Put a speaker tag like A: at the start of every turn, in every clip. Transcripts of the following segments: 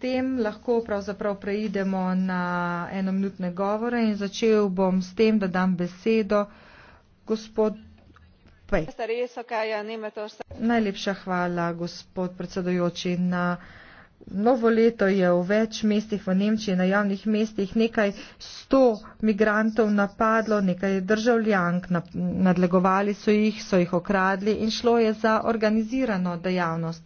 A: tem lahko pravzaprav preidemo na enominutne govore in začel bom s tem, da dam besedo gospod Pej. Najlepša hvala, gospod predsedojoči. Na novo leto je v več mestih v Nemčiji, na javnih mestih, nekaj sto migrantov napadlo, nekaj državljank, nadlegovali so jih, so jih okradli in šlo je za organizirano dejavnost.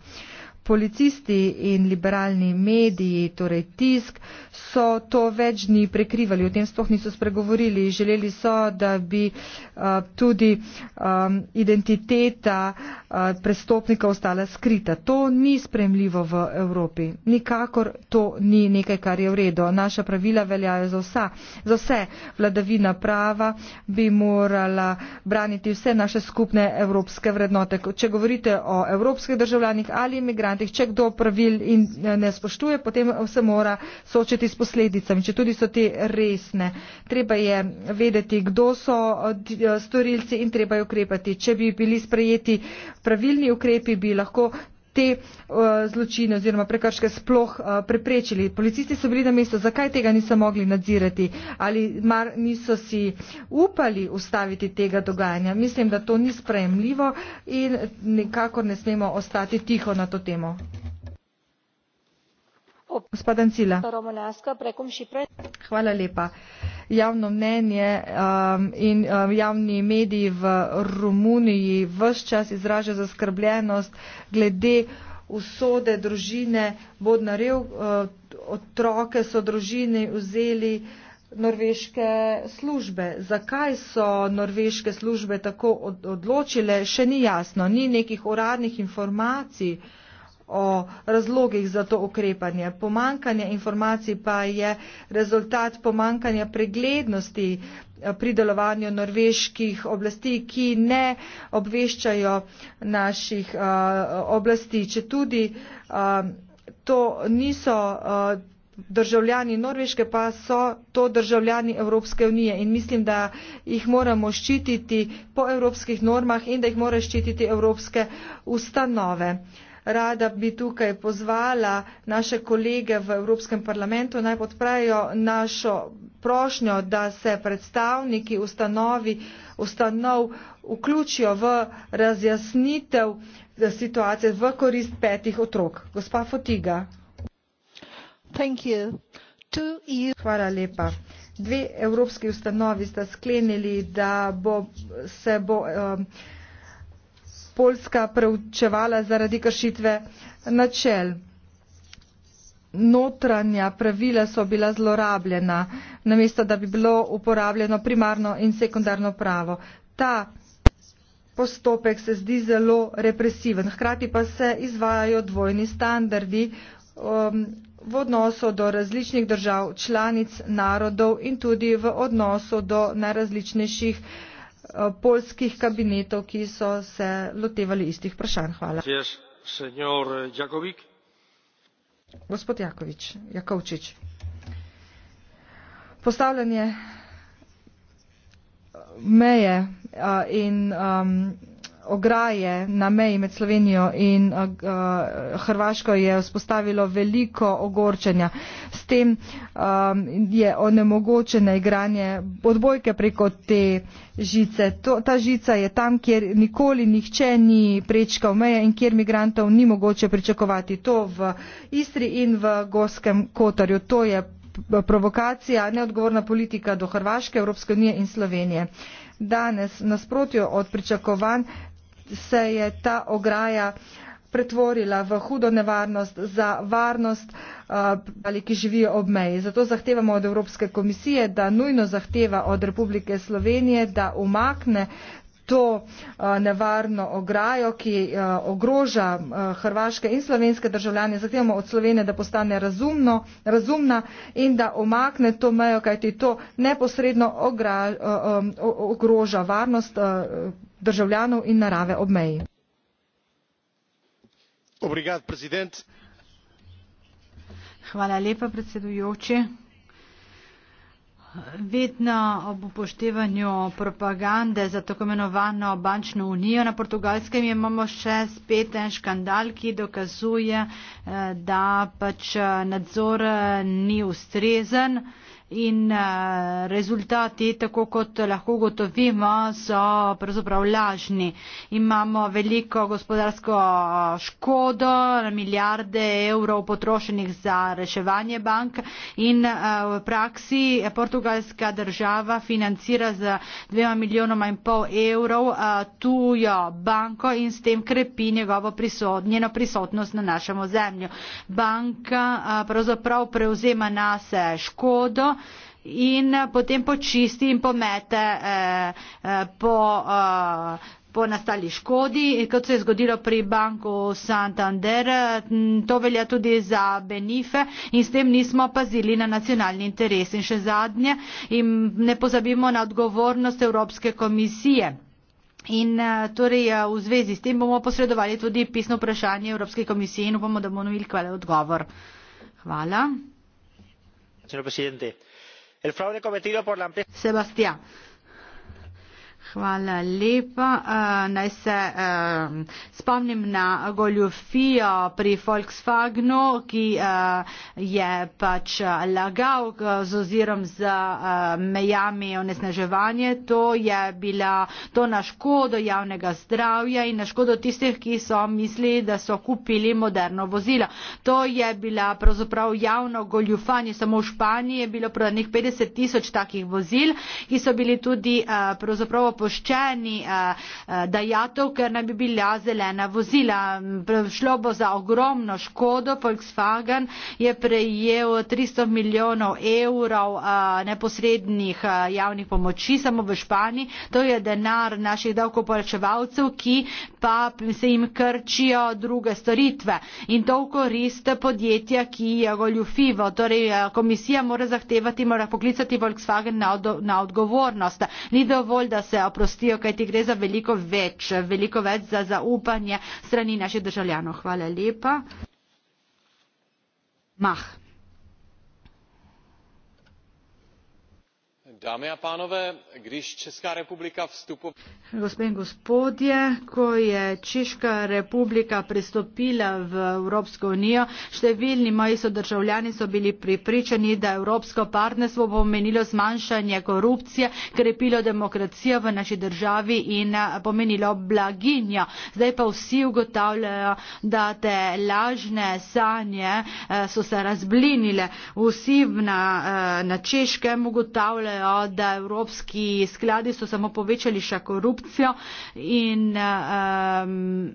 A: Policisti in liberalni mediji, torej tisk, so to več dni prekrivali, o tem sploh niso spregovorili. Želeli so, da bi uh, tudi um, identiteta uh, prestopnika ostala skrita. To ni spremljivo v Evropi. Nikakor to ni nekaj, kar je v redu. Naša pravila veljajo za, vsa, za vse. Vladavina prava bi morala braniti vse naše skupne evropske vrednote. Če govorite o evropskih državljanih ali imigrantih, migrantih. Če kdo pravil in eh, ne spoštuje, potem se mora soočiti s posledicami, če tudi so te resne. Treba je vedeti, kdo so eh, storilci in treba je ukrepati. Če bi bili sprejeti pravilni ukrepi, bi lahko te eh, zločine oziroma prekrške sploh eh, preprečili. Policisti so bili na mestu, zakaj tega niso mogli nadzirati ali mar niso si upali ustaviti tega dogajanja. Mislim, da to ni sprejemljivo in nekako ne smemo ostati tiho na to temo javno mnenje um, in um, javni mediji v Romuniji ves čas izražajo zaskrbljenost glede usode družine Bodnarev. Uh, otroke so družini vzeli norveške službe. Zakaj so norveške službe tako odločile, še ni jasno. Ni nekih uradnih informacij, kaj je vzrok za to o razlogih za to ukrepanje. Pomankanje informacij pa je rezultat pomankanja preglednosti eh, pri delovanju norveških oblasti, ki ne obveščajo naših eh, oblasti. Če tudi eh, to niso državljani Norveške, pa so to državljani Evropske unije in mislim, da jih moramo ščititi po evropskih normah in da jih mora ščititi evropske ustanove. Rada bi tukaj pozvala naše kolege v Evropskem parlamentu naj podprejo našo prošnjo, da se predstavniki ustanovi, ustanov vključijo v razjasnitev situacije v korist petih otrok. Gospa Fotiga. Thank you. Hvala lepa. Dve evropski ustanovi sta sklenili, da bo, se bo um, Poljska preučevala zaradi kršitve načel. Notranja pravila so bila zlorabljena, namesto da bi bilo uporabljeno primarno in sekundarno pravo. Ta postopek se zdi zelo represiven. Hkrati pa se izvajajo dvojni standardi um, v odnosu do različnih držav, članic, narodov in tudi v odnosu do najrazličnejših uh, Eh, poljskih kabinetov ki so se lotevali istih vprašanj. Hvala. Gospod Jakovčič, postavljanje eh, meje eh, in um, ograje na meji med Slovenijo in eh, eh, Hrvaško je vzpostavilo veliko ogorčenja. S tem um, je onemogočeno igranje odbojke preko te žice. To, ta žica je tam, kjer nikoli nihče ni prečkal meje in kjer migrantov ni mogoče pričakovati. To v Istri in v Goskem Kotarju. To je provokacija, neodgovorna politika do Hrvaške, Evropske unije in Slovenije. Danes nasprotjo od pričakovanj se je ta ograja pretvorila v hudo nevarnost za varnost eh, ali ki živijo ob meji. Zato zahtevamo od Evropske komisije, da nujno zahteva od Republike Slovenije, da umakne to eh, nevarno ograjo, ki eh, ogroža hrvaške in slovenske državljane. Zahtevamo od Slovenije, da postane razumno, razumna in da omakne to mejo, kajti to neposredno ogra, ogroža varnost državljanov in narave ob meji.
B: Hvala lepa, predsedujoči. Vedno ob upoštevanju propagande za tako imenovano bančno unijo na portugalskem imamo še spet en škandal, ki dokazuje, eh, da pač eh, nadzor eh, ni ustrezen in eh, rezultati, tako kot lahko gotovimo, so pravzaprav lažni. Imamo veliko gospodarsko eh, škodo, milijarde evrov potrošenih za reševanje bank in eh, v praksi portugalska država financira za dvema milijonoma in pol evrov tujo banko in s tem krepi njegovo prisotnost, njeno prisotnost na našem ozemlju. Banka pravzaprav prevzema nase škodo, in eh, potem počisti in pomete eh, eh, po. Eh, po nastali škodi, kot se je zgodilo pri banku Santander, eh, to velja tudi za Benife in s tem nismo pazili na nacionalni interes. In še zadnje, in ne pozabimo na odgovornost Evropske komisije. In torej v zvezi s tem bomo posredovali tudi pisno vprašanje Evropske komisije in upamo, da bomo novili kvale odgovor. Hvala.
C: Gospod predsednik el fraude cometido por la empresa.
B: Hvala lepa. Uh, naj se uh, spomnim na goljofijo pri Volkswagenu, ki uh, je pač lagal uh, z ozirom z uh, mejami onesnaževanje. To je bila to na škodo javnega zdravja in na škodo tistih, ki so mislili, da so kupili moderno vozilo. To je bila pravzaprav javno goljufanje. Samo v Španiji je bilo prodanih 50 tisoč takih vozil, ki so bili tudi uh, pravzaprav opozorili dopuščeni eh, eh, dajatov, ker naj bi bila zelena vozila. Šlo bo za ogromno škodo. Volkswagen je prejel 300 milijonov evrov eh, neposrednih javnih pomoči samo v Španiji. To je denar naših davkoporečevalcev, ki pa se jim krčijo druge storitve. In to v korist podjetja, ki je goljufivo. Torej, komisija mora zahtevati, mora poklicati Volkswagen na, od, na odgovornost. Ni dovolj, da se oprostijo, kaj ti gre za veliko več, veliko več za zaupanje strani naših državljanov. Hvala lepa. Mah.
C: dámy a pánové, když Česká republika vstupovala...
B: Gospod in gospodje, ko je Češka republika pristopila v Evropsko unijo, številni moji sodržavljani so bili pripričani, da Evropsko partnerstvo bo pomenilo zmanjšanje korupcije, krepilo demokracijo v naši državi in pomenilo blaginjo. Zdaj pa vsi ugotavljajo, da te lažne sanje so se razblinile. Vsi na, na Češkem ugotavljajo, da evropski skladi so samo povečali še korupcijo in um,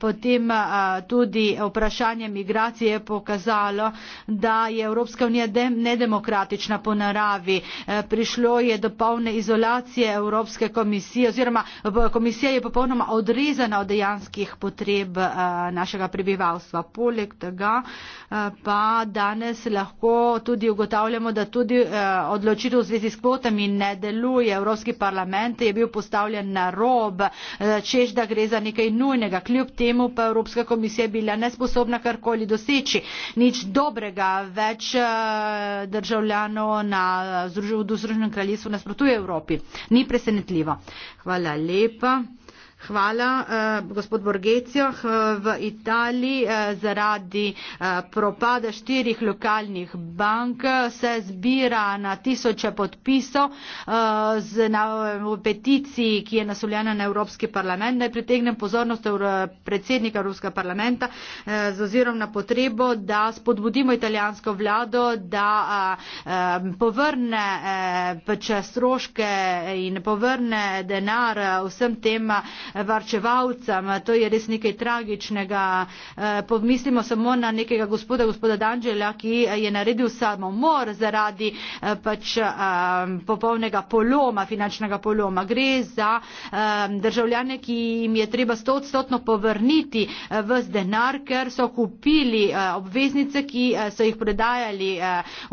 B: potem uh, tudi vprašanje migracije je pokazalo, da je Evropska unija nedemokratična po naravi. Uh, prišlo je do polne izolacije Evropske komisije oziroma komisija je popolnoma odrezana od dejanskih potreb uh, našega prebivalstva. Poleg tega pa danes lahko tudi ugotavljamo, da tudi odločitev v zvezi s potami ne deluje evropski parlament je bil postavljen na rob eh, češ da gre za nekaj nujnega kljub temu pa evropska komisija je bila nesposobna karkoli doseči nič dobrega več eh, državljanov na združenem kraljestvu nasprotuje evropi ni presenetljivo hvala lepa Hvala, eh, gospod Borgecioh. Eh, v Italiji eh, zaradi propada štirih lokalnih bank se zbira na tisoče podpisov z na, peticiji, ki je naslovljena na Evropski parlament. Naj pritegnem pozornost predsednika Evropskega parlamenta z ozirom na potrebo, da spodbudimo italijansko vlado, da povrne pač stroške in povrne denar vsem tem varčevalcem. To je res nekaj tragičnega. E, pomislimo samo na nekega gospoda, gospoda Danželja, ki je naredil samomor zaradi e, pač e, popolnega poloma, finančnega poloma. Gre za državljane, ki jim je treba stotstotno povrniti vz denar, ker so kupili obveznice, ki so jih prodajali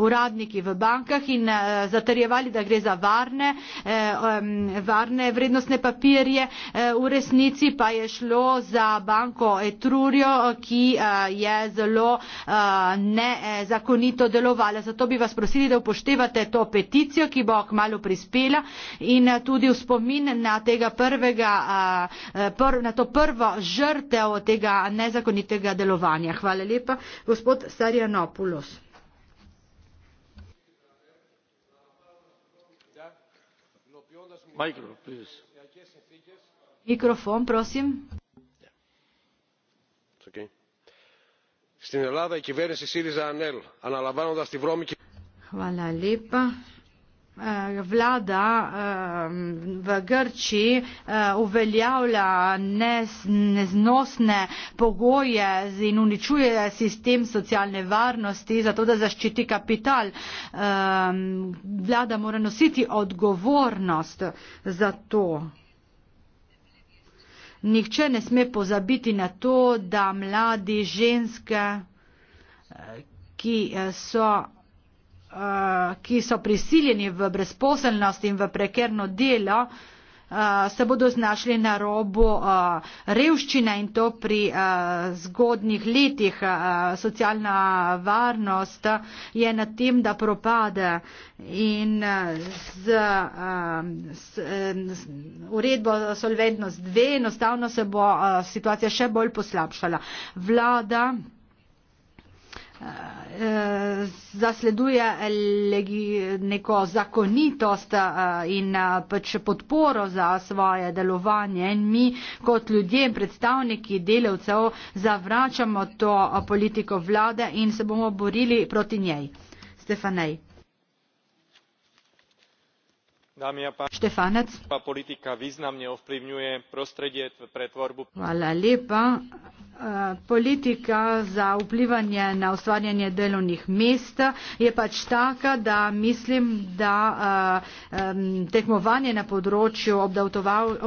B: uradniki v bankah in zatrjevali, da gre za varne, varne vrednostne papirje resnici pa je šlo za banko Etrurjo, ki eh, je zelo eh, nezakonito eh, delovala. Zato bi vas prosili, da upoštevate to peticijo, ki bo kmalo prispela in tudi v spomin na, prvega, na to prvo žrtev tega nezakonitega delovanja. Hvala lepa, gospod Sarjanopoulos.
C: Michael, please
B: mikrofon prosim.
C: Στην Ελλάδα η κυβέρνηση ΣΥΡΙΖΑ ΑΝΕΛ αναλαμβάνοντας τη βρώμικη...
B: Hvala lepa. Vlada v Grčiji uveljavlja neznosne pogoje in uničuje sistem socialne varnosti, zato da zaščiti kapital. Eh, Vlada mora nositi odgovornost za to nihče ne sme pozabiti na to, da mladi ženske, eh, ki eh, so, eh, ki so prisiljeni v brezposelnost in v prekerno delo, se bodo znašli na robu revščine in to pri zgodnih letih. Socialna varnost je na tem, da propade in z, z, z uredbo solventnost dve enostavno se bo situacija še bolj poslabšala. Vlada zasleduje neko zakonitost eh, in eh, pač podporo za svoje delovanje in mi kot ljudje in predstavniki delavcev zavračamo to politiko vlade in se bomo borili proti njej. Stefanej. Štefanec.
C: Politika významne ovplyvňuje prostredie pre tvorbu. Hvala
B: lepa. E, politika za vplivanje na ustvarjanje delovnih mest je pač taka, da mislim, da e, tekmovanje na področju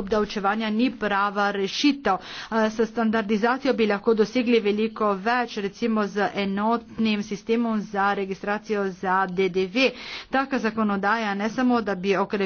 B: obdavčevanja ni prava rešitev. E, s standardizacijo bi lahko dosegli veliko več, recimo z enotnim sistemom za registracijo za DDV. Taka zakonodaja ne samo, da bi okrepila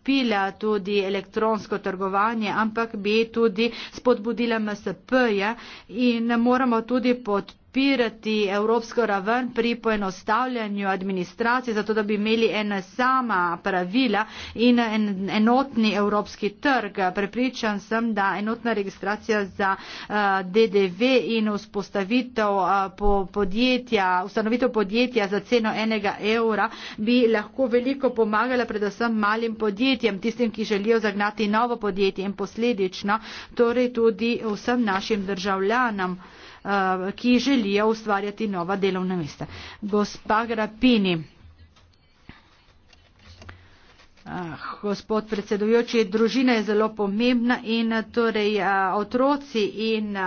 B: okrepila tudi elektronsko trgovanje, ampak bi tudi spodbudila MSP-je in moramo tudi pod pirati evropsko raven pri poenostavljanju administracije, zato da bi imeli ena sama pravila in en, enotni evropski trg. Prepričan sem, da enotna registracija za uh, eh, DDV in vzpostavitev uh, po podjetja, ustanovitev podjetja za ceno enega evra bi lahko veliko pomagala predvsem malim podjetjem podjetjem, tistim, ki želijo zagnati novo podjetje in posledično torej tudi vsem našim državljanom, eh, ki želijo ustvarjati nova delovna mesta. Gospa Grapini. Ah, gospod predsedujoči, družina je zelo pomembna in eh, torej eh, otroci in eh,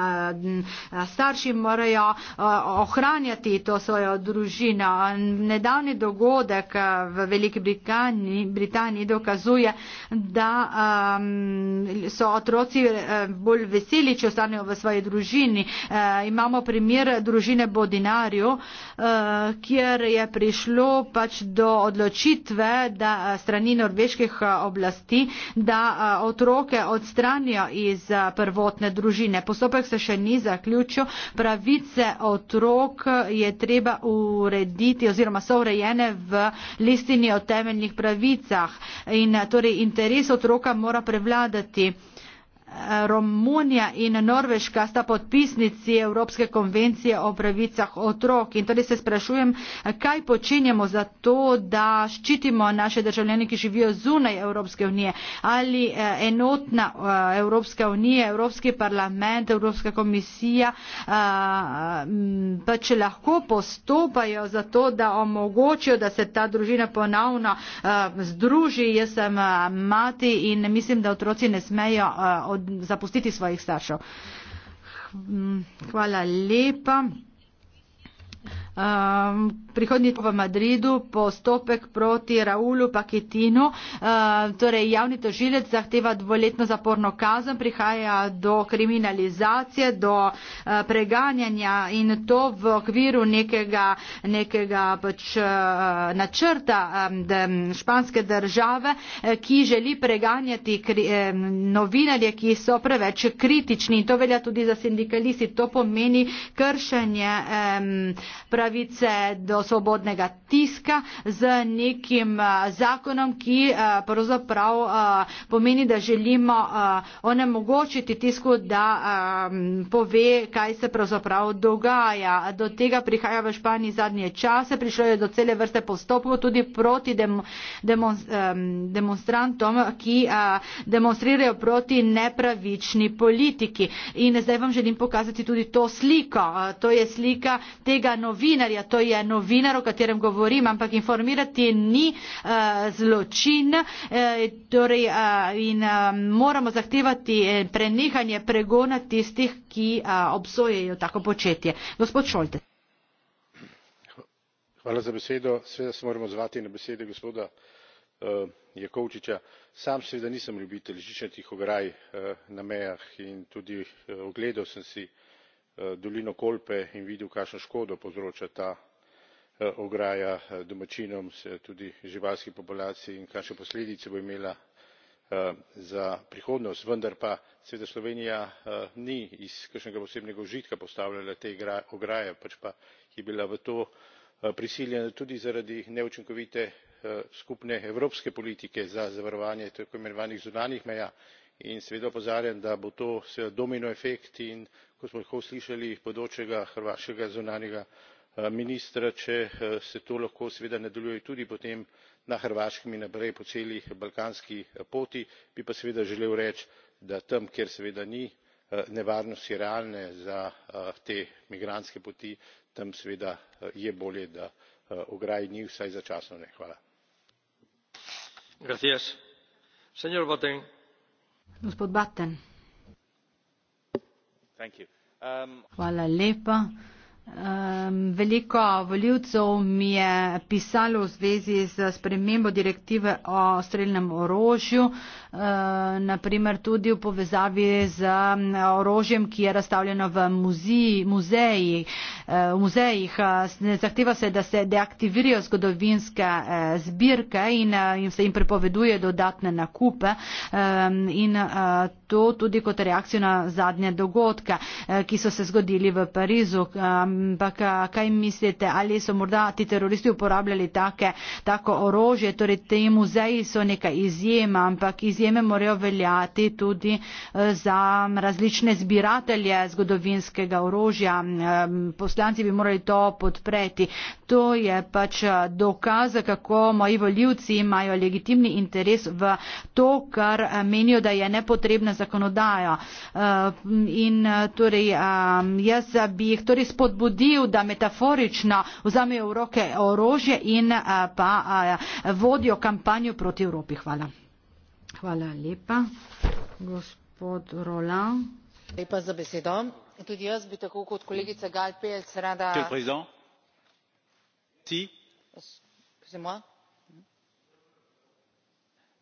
B: starši morajo ohranjati to svojo družino. Nedavni dogodek v Veliki Britaniji, Britaniji dokazuje, da so otroci bolj veseli, če ostanejo v svoji družini. Imamo primer družine Bodinarju, kjer je prišlo pač do odločitve, da strani Norvegije norveških eh, oblasti, da eh, otroke odstranijo iz eh, prvotne družine. Postopek se še ni zaključil. Pravice otrok je treba urediti oziroma so urejene v listini o temeljnih pravicah. In, torej, interes otroka mora prevladati romunija in norveška sta podpisnici evropske konvencije o pravicah otrok in torej se sprašujem kaj počenjamo za to da ščitimo naše državljane ki živijo zunaj evropske unije ali eh, enotna eh, evropska unija evropski parlament evropska komisija eh, pač lahko postopajo za to da omogočijo da se ta družina ponovno združi jaz sem mati in mislim da otroci ne smejo od zapustiti svojih staršev. Mm, hvala lepa. Um, prihodnji po Madridu postopek proti Raulu Paketinu, uh, ehm, torej javni tožilec zahteva dvoletno zaporno kazen, prihaja do kriminalizacije, do uh, preganjanja in to v okviru nekega, nekega pač, uh, načrta um, de, španske države, uh, ki želi preganjati kri, um, novinarje, ki so preveč kritični in to velja tudi za sindikalisti. To pomeni kršenje um, prav pravice do svobodnega tiska z nekim eh, zakonom, ki eh, pravzaprav eh, pomeni, da želimo onemogočiti tisku, da pove, kaj se pravzaprav dogaja. Do tega prihaja v Španiji zadnje čase, prišlo je do cele vrste postopkov tudi proti demon, demonstrantom, ki demonstrirajo proti nepravični politiki. In zdaj vam želim pokazati tudi to sliko. To je slika tega novina novinarja, to je novinar, o katerem govorim, ampak informirati ni uh, zločin uh, torej, uh, in uh, moramo zahtevati prenehanje pregona tistih, ki uh, obsojejo tako početje. Gospod Šolte.
C: Hvala za besedo. Sveda se moramo zvati na besede gospoda uh, Jakovčiča. Sam seveda nisem ljubitelj žičnih ograj uh, na mejah in tudi uh, ogledal sem si uh, Eh, dolino kolpe in videl kakšno škodo povzroča ta eh, ograja eh, domačinom tudi živalski populaciji in kakšne posledice bo imela za prihodnost vendar pa seveda slovenija ni iz kakšnega posebnega užitka postavljala te ograje pač pa je bila v to prisiljena tudi zaradi neučinkovite skupne evropske politike za zavarovanje tako imenovanih zunanjih meja in seveda opozarjam da bo to seveda domino efekt in kot smo lahko slišali bodočega hrvaškega zunanjega eh, ministra če eh, se to lahko seveda nadaljuje tudi potem na hrvaškem in naprej po celi balkanski eh, poti bi pa seveda želel reči da tam kjer seveda ni nevarnosti realne za te migrantske poti tam seveda je bolje da ograj ni vsaj začasno ne
B: hvala lepa gospod batten
C: za vaše stališče.
B: Um, veliko voljivcev mi je pisalo v zvezi z spremembo direktive o streljnem orožju, uh, naprimer tudi v povezavi z orožjem, ki je razstavljeno v muzeji, uh, muzejih. Zahteva se, da se deaktivirajo zgodovinske uh, zbirke in, uh, e, in se jim prepoveduje dodatne nakupe um, in uh, to tudi kot reakcija na zadnje dogodke, uh, ki so se zgodili v Parizu. Um, ampak kaj mislite, ali so morda ti teroristi uporabljali take, tako orožje, torej te muzeji so neka izjema, ampak izjeme morajo veljati tudi e, za različne zbiratelje zgodovinskega orožja. E, poslanci bi morali to podpreti. To je pač dokaz, kako moji voljivci imajo legitimni interes v to, kar menijo, da je nepotrebna zakonodaja. In torej, jaz bi jih torej spodbudil, da metaforično vzamejo v roke orožje in pa vodijo kampanjo proti Evropi. Hvala. Hvala lepa. Gospod Roland. Lepa za besedo.
D: Tudi jaz bi tako kot kolegica Galpelc rada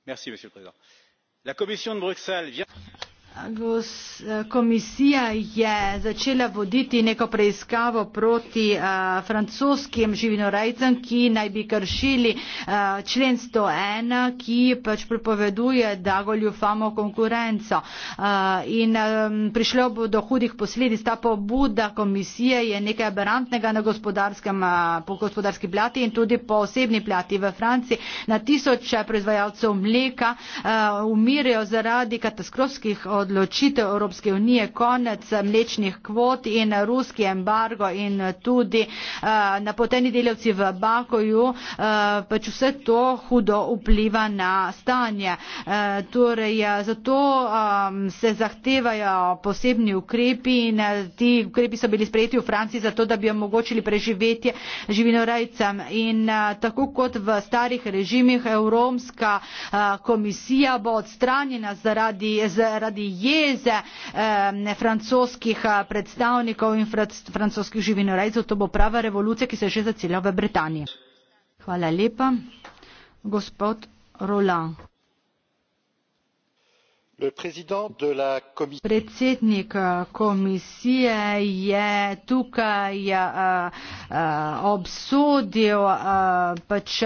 C: monsieur le président la commission de bruxelles vient de proposer une réforme du traité sur le fonctionnement de l'union européenne.
B: Eh, komisija je začela voditi neko preiskavo proti uh, francoskim živinorejcem, ki naj bi kršili uh, člen 101, ki pač pripoveduje, da goljufamo konkurenco. Uh, in um, prišlo bo do hudih posledic. Ta pobuda komisije je nekaj aberantnega na gospodarskem, uh, po gospodarski plati in tudi po osebni plati v Franciji. Na tisoče proizvajalcev mleka uh, umirajo zaradi katastrofskih odločitev odločitev Evropske unije, konec mlečnih kvot in ruski embargo in tudi eh, napoteni delavci v Bakoju, eh, pač vse to hudo vpliva na stanje. Eh, torej, zato ehm, se zahtevajo posebni ukrepi in ti ukrepi so bili sprejeti v Franciji zato, da bi omogočili preživetje živinorajcem. In tako kot v starih režimih, Evropska komisija bo odstranjena zaradi, zaradi jez francoskih eh, predstavnikov in francoskih živinorejcev. To bo prava revolucija, ki se je že zacela v Britaniji. Hvala lepa. Gospod Roland. Predsednik eh, komisije je tukaj eh, obsodil pač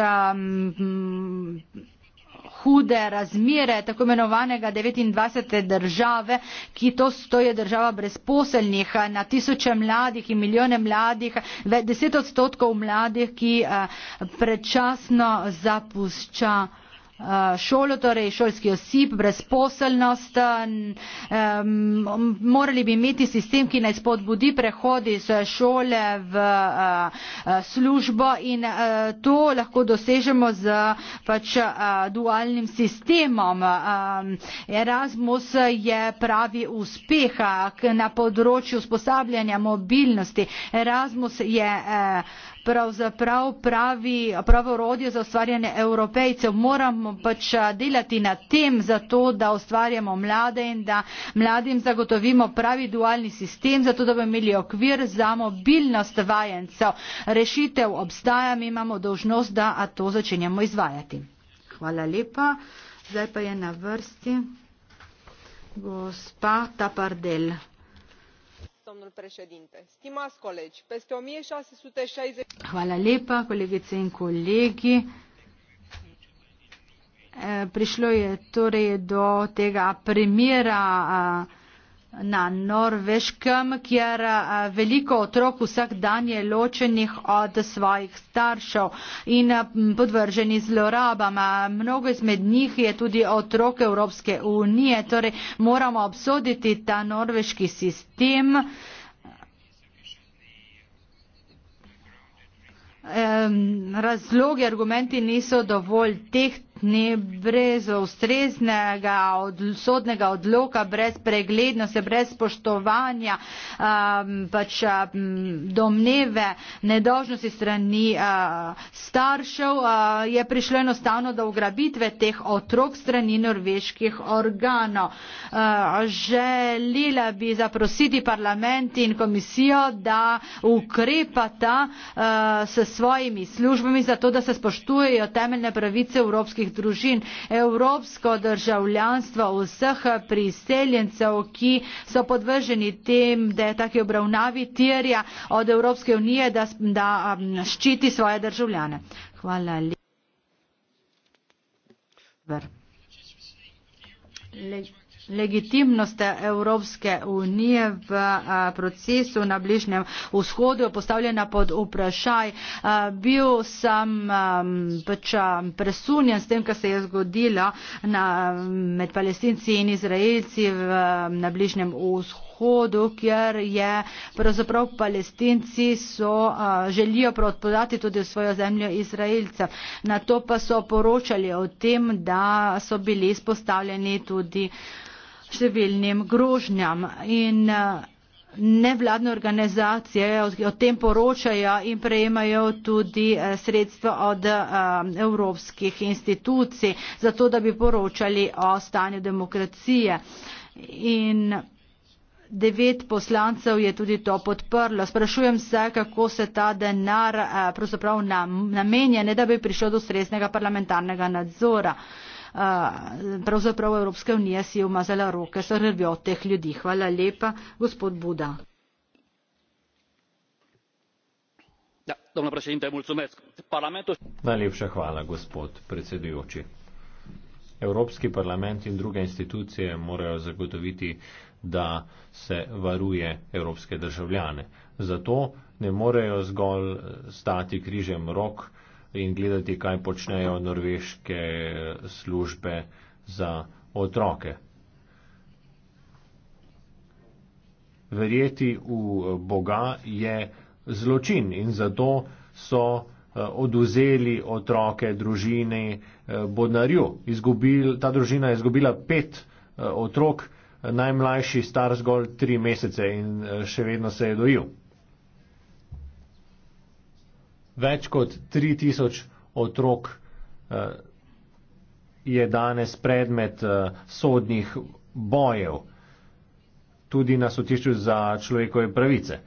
B: hude razmere tako imenovanega devetindvajset države ki to stoje država brezposelnih eh, na tisoče mladih in milijone mladih deset odstotkov mladih ki eh, predčasno zapušča Eh, šolo, torej šolski osip, brezposelnost. Eh, morali bi imeti sistem, ki naj spodbudi prehodi iz eh, šole v službo in to lahko dosežemo z pač dualnim sistemom. Erasmus je pravi uspeh na področju usposabljanja mobilnosti. Erasmus je eh, pravzaprav pravi, pravo orodje za ustvarjanje evropejcev. Moramo pač eh, delati na tem, zato da ustvarjamo mlade in da mladim zagotovimo pravi dualni sistem, zato da bomo imeli okvir za mobilnost vajencev. Rešitev obstaja, mi imamo dožnost, da to začenjamo izvajati. Hvala lepa. Zdaj pa je na vrsti gospa Tapardel
A: doamnă președintă stimați colegi peste o mie șase sute șaizeci
B: Hvala lepa, kolegice in kolegi. Eh, prišlo je torej do tega primera a, eh, na Norveškem, kjer veliko otrok vsak dan je ločenih od svojih staršev in podvrženi zlorabama. Mnogo izmed njih je tudi otrok Evropske unije, torej moramo obsoditi ta norveški sistem. Razlogi, argumenti niso dovolj tehtni ne brez ustreznega od, sodnega odloka, brez preglednosti, brez spoštovanja a, um, pač a, um, domneve nedožnosti strani a, uh, staršev a, uh, je prišlo enostavno do ugrabitve teh otrok strani norveških organov. A, uh, želela bi zaprositi parlament in komisijo, da ukrepata a, s svojimi službami za to, da se spoštujejo temeljne pravice evropskih evropskih družin evropsko državljanstvo vseh priseljencev, ki so podvrženi tem, da je taki obravnavi terja od Evropske unije, da, da um, ščiti svoje državljane. Hvala lepa legitimnost Evropske unije v procesu na Bližnjem vzhodu postavljena pod vprašaj. Bil sem pač presunjen s tem, kar se je zgodilo na, med palestinci in izraelci v, na Bližnjem vzhodu, kjer je pravzaprav palestinci so, želijo prodati tudi svojo zemljo izraelcem. Na to pa so poročali o tem, da so bili izpostavljeni tudi številnim grožnjam in eh, nevladne organizacije o tem poročajo in prejemajo tudi eh, sredstva od eh, evropskih institucij za to, da bi poročali o stanju demokracije. In devet poslancev je tudi to podprlo. Sprašujem se, kako se ta denar pravzaprav namenja, ne da bi prišlo do sredstvenega parlamentarnega nadzora pravzaprav Evropska unija si je umazala roke s rvjo teh ljudi. Hvala lepa, gospod Buda.
E: Ja, Najlepša hvala, gospod predsedujoči. Evropski parlament in druge institucije morajo zagotoviti, da se varuje evropske državljane. Zato ne morejo zgolj stati križem rok, in gledati, kaj počnejo norveške službe za otroke. Verjeti v Boga je zločin in zato so eh, oduzeli otroke družini eh, Bodnarju. Izgubil, ta družina je izgubila pet eh, otrok, najmlajši star zgolj tri mesece in še vedno se je dojil več kot 3000 otrok eh, je danes predmet eh, sodnih bojev, tudi na sotišču za človekove pravice.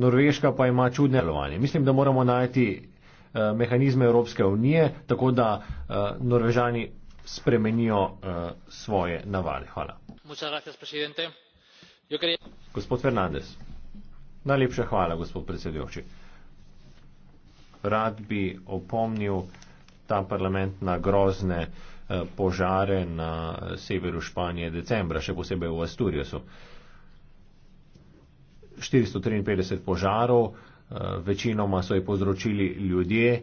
E: Norveška pa ima čudne delovanje. Mislim, da moramo najti eh, mehanizme Evropske unije, tako da Norvežani spremenijo svoje navade. Hvala. Gospod Fernandez. Najlepša hvala, gospod predsedujoči. Rad bi opomnil ta parlament na grozne eh, požare na eh, severu Španije decembra, še posebej v Asturiosu. 453 požarov, eh, večinoma so jih povzročili ljudje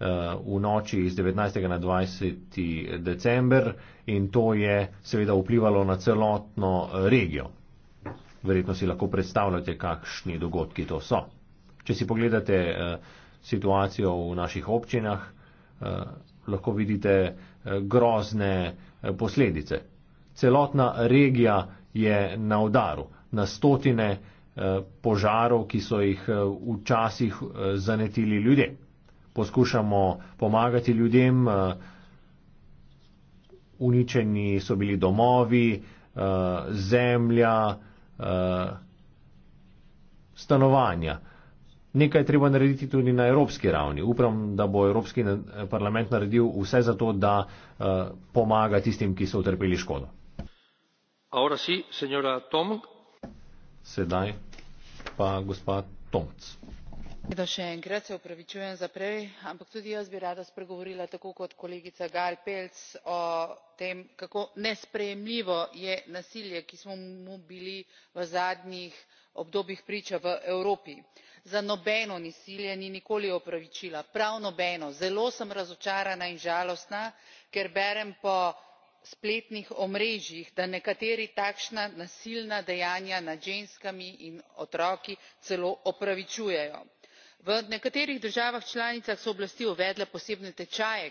E: v noči iz 19. na 20. december in to je seveda vplivalo na celotno regijo. Verjetno si lahko predstavljate, kakšni dogodki to so. Če si pogledate eh, situacijo v naših občinah, eh, lahko vidite eh, grozne posledice. Celotna regija je na udaru. Na stotine požarov, ki so jih včasih zanetili ljudje. Poskušamo pomagati ljudem, uničeni so bili domovi, zemlja, uh, stanovanja. Nekaj je treba narediti tudi na evropski ravni. Upam, da bo Evropski parlament naredil vse za to, da uh, pomaga tistim, ki so utrpeli škodo. Sí, Sedaj pa gospa Tomc
D: še enkrat se opravičujem za prej ampak tudi jaz bi rada spregovorila tako kot kolegica gl pelcz o tem kako nesprejemljivo je nasilje ki smo mu bili v zadnjih obdobjih priča v evropi. za nobeno nasilje ni nikoli opravičila prav nobeno zelo sem razočarana in žalostna ker berem po spletnih omrežjih da nekateri takšna nasilna dejanja nad ženskami in otroki celo opravičujejo v nekaterih državah članicah so oblasti uvedle posebne tečaje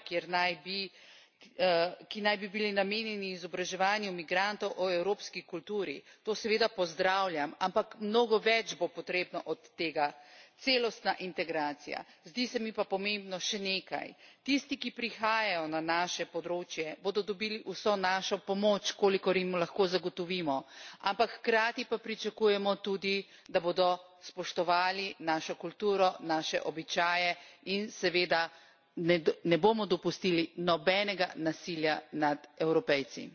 D: eh, ki naj bi bili namenjeni izobraževanju migrantov o evropski kulturi to seveda pozdravljam ampak mnogo več bo potrebno od tega celostna integracija zdi se mi pa pomembno še nekaj tisti ki prihajajo na naše področje bodo dobili vso našo pomoč kolikor jim lahko zagotovimo ampak hkrati pa pričakujemo tudi da bodo spoštovali našo kulturo naše običaje in seveda ne bomo dopustili nobenega nasilja nad evropejci.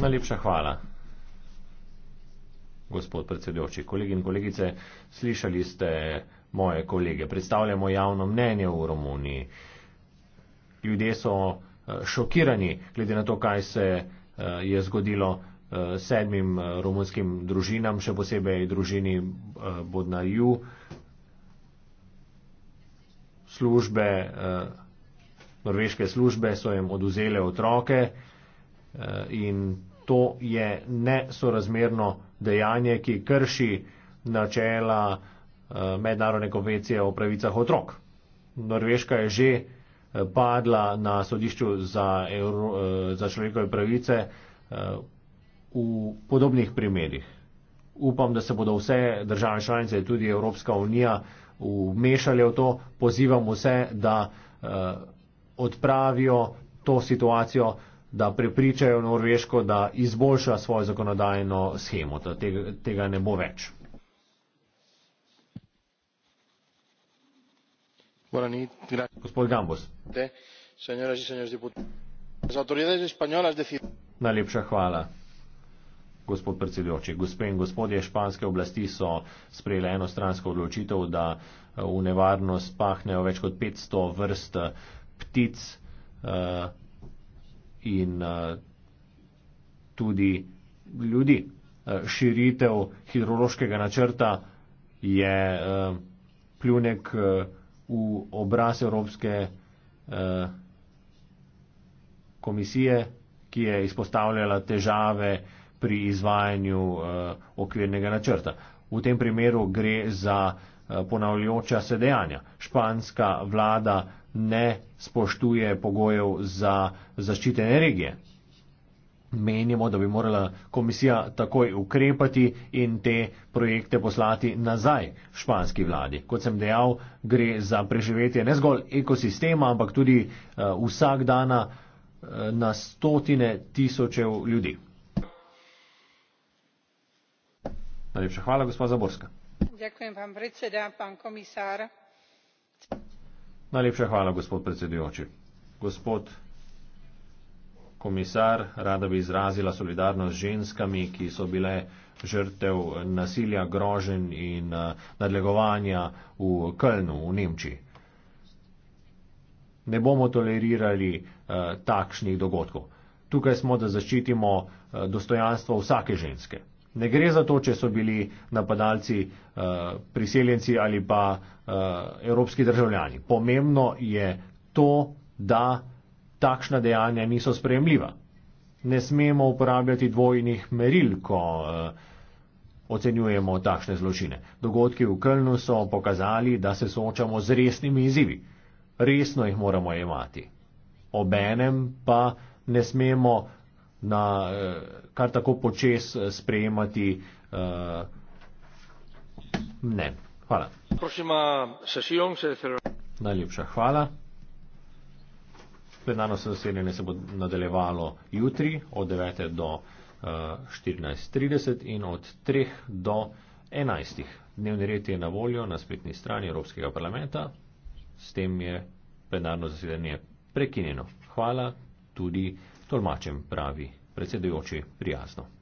E: najlepša hvala gospod predsedujoči kolegi in kolegice slišali ste moje kolege predstavljamo javno mnenje v romuniji ljudje so eh, šokirani glede na to, kaj se eh, je zgodilo eh, sedmim romunskim družinam, še posebej družini Bodnaju. Službe, norveške službe so jim oduzele otroke in to je nesorazmerno dejanje, ki krši načela mednarodne konvencije o pravicah otrok. Norveška je že Eh, padla na sodišču za, Euro, eh, za človekove pravice eh, v podobnih primerih. Upam, da se bodo vse države članice, tudi Evropska unija, vmešali v to. Pozivam vse, da odpravijo to situacijo, da prepričajo Norveško, da izboljša svojo zakonodajno schemo, da tega ne bo več. najlepša hvala gospod predsedujoči gospe in gospodje španske oblasti so sprejele enostransko odločitev da eh, v nevarnost pahnejo več kot 500 vrst eh, ptic eh, in tudi ljudi širitev hidrološkega načrta je pljunek v obraz Evropske eh, komisije, ki je izpostavljala težave pri izvajanju eh, okvirnega načrta. V tem primeru gre za eh, ponavljajoča se dejanja. Španska vlada ne spoštuje pogojev za zaščitene regije menimo, da bi morala komisija takoj ukrepati in te projekte poslati nazaj španski vladi. Kot sem dejal, gre za preživetje ne zgolj ekosistema, ampak tudi uh, eh, vsak dan uh, eh, na stotine tisočev ljudi. Najlepša hvala, gospod Zaborska.
D: Ďakujem vám, predseda, pán komisár.
E: Najlepša hvala, gospod predsedujoči. Gospod komisar, rada bi izrazila solidarnost z ženskami, ki so bile žrtev nasilja, grožen in eh, nadlegovanja v Kölnu, v Nemčiji. Ne bomo tolerirali uh, takšnih dogodkov. Tukaj smo, da zaščitimo uh, dostojanstvo vsake ženske. Ne gre za to, če so bili napadalci uh, priseljenci ali pa uh, evropski državljani. Pomembno je to, da takšna dejanja niso spremljiva. Ne smemo uporabljati dvojnih meril, ko eh, ocenjujemo takšne zločine. Dogodki v Kölnu so pokazali, da se soočamo z resnimi izzivi. Resno jih moramo imati. Obenem pa ne smemo na eh, kar tako počes eh, sprejemati uh, mnen. Hvala. Najlepša hvala plenarno zasedanje se bo nadaljevalo jutri od 9. do 14.30 eh, in od 3. do 11. Dnevni red je na voljo na spletni strani Evropskega parlamenta. S tem je plenarno zasedanje prekinjeno. Hvala tudi tolmačem, pravi predsedujoči, prijazno.